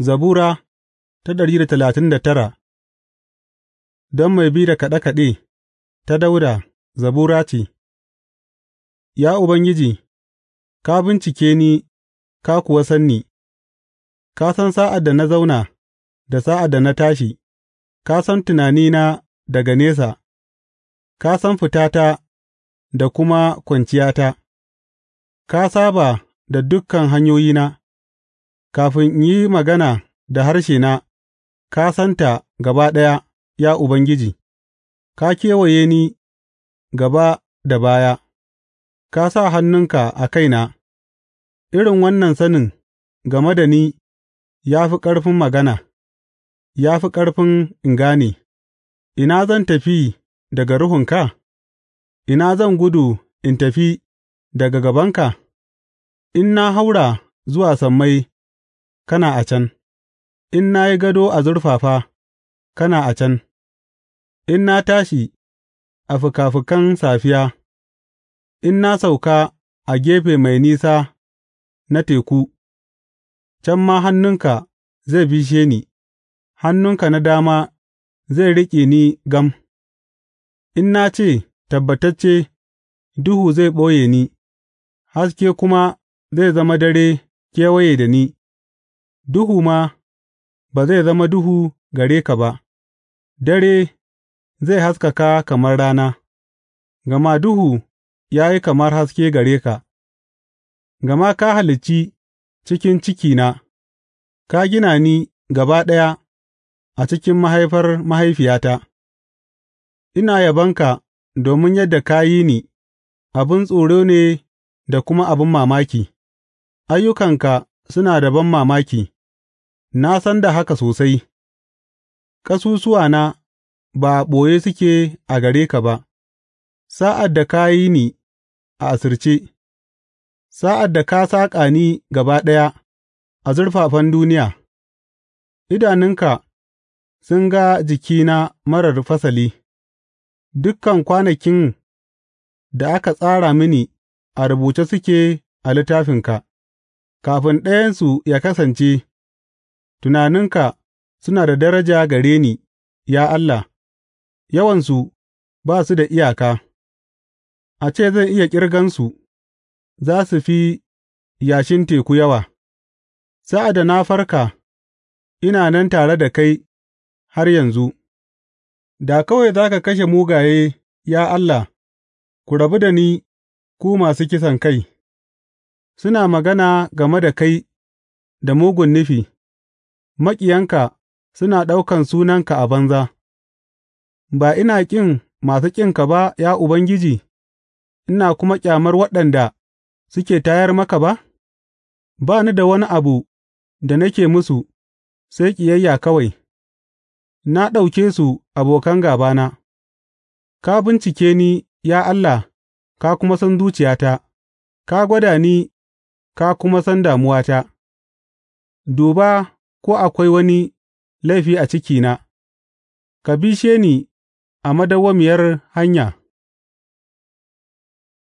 Zabura ta ɗari da talatin da tara Don mai bi da kaɗe kaɗe ta Dauda, zabura ce, Ya Ubangiji, ka bincike ni ka kuwa sanni. ka san sa'ad da na zauna da sa'ad da na tashi, ka san tunanina daga nesa, ka san fitata da kuma kwanciyata, ka saba da dukan hanyoyina. Kafin in yi magana da harshena ka santa gaba ɗaya, ya Ubangiji; ka kewaye ni gaba da baya, ka sa hannunka a kaina; irin wannan sanin game da ni ya fi ƙarfin magana, ya fi ƙarfin in gane, Ina zan tafi daga ruhunka, ina zan gudu in tafi daga gabanka? In na haura zuwa sammai. kana a can; in na yi gado a zurfafa, kana a can; in na tashi a fikafikan safiya, in na sauka a gefe mai nisa na teku, can ma hannunka zai bishe ni, hannunka na dama zai riƙe ni gam; in na ce, Tabbatacce duhu zai ɓoye ni, haske kuma zai zama dare kewaye da ni. Duhu ma ba zai zama duhu gare ka ba, dare zai haskaka kamar rana, gama duhu ya yi kamar haske gare ka, gama ka halicci cikin cikina, ka gina ni gaba ɗaya a cikin mahaifar mahaifiyata, ina yabanka domin yadda ka yi ni abin tsoro ne da kuma abin mamaki, ayyukanka suna da ban mamaki. Na san da haka sosai; ƙasusuwana ba a ɓoye suke a gare ka ba sa'ad da ka yi ni a asirce, sa'ad da ka saƙa ni gaba ɗaya a zurfafan duniya; idanunka sun ga jikina marar fasali, Dukkan kwanakin da aka tsara mini a rubuce suke a littafinka, kafin ɗayansu ya kasance. Tunaninka suna da daraja gare ni, ya Allah; yawansu ba su da iyaka, a ce zan iya ƙirgansu, za su fi yashin teku yawa Sa'ad da na farka, ina nan tare da kai har yanzu; da kawai za ka kashe mugaye, ya Allah, ku rabu da ni, ku masu kisan kai. suna magana game da kai da mugun nufi. Maƙiyanka suna ɗaukan sunanka a banza; ba ina ƙin masu ƙinka ba, ya Ubangiji, ina kuma ƙyamar waɗanda suke tayar maka ba? Ba ni da wani abu da nake musu, sai ƙiyayya kawai; na ɗauke su abokan gābana Ka bincike ni, ya Allah, ka kuma san zuciyata; ka gwada ni ka kuma san damuwata. Duba ko akwai wani laifi a cikina, ka bishe ni a madawwamiyar hanya.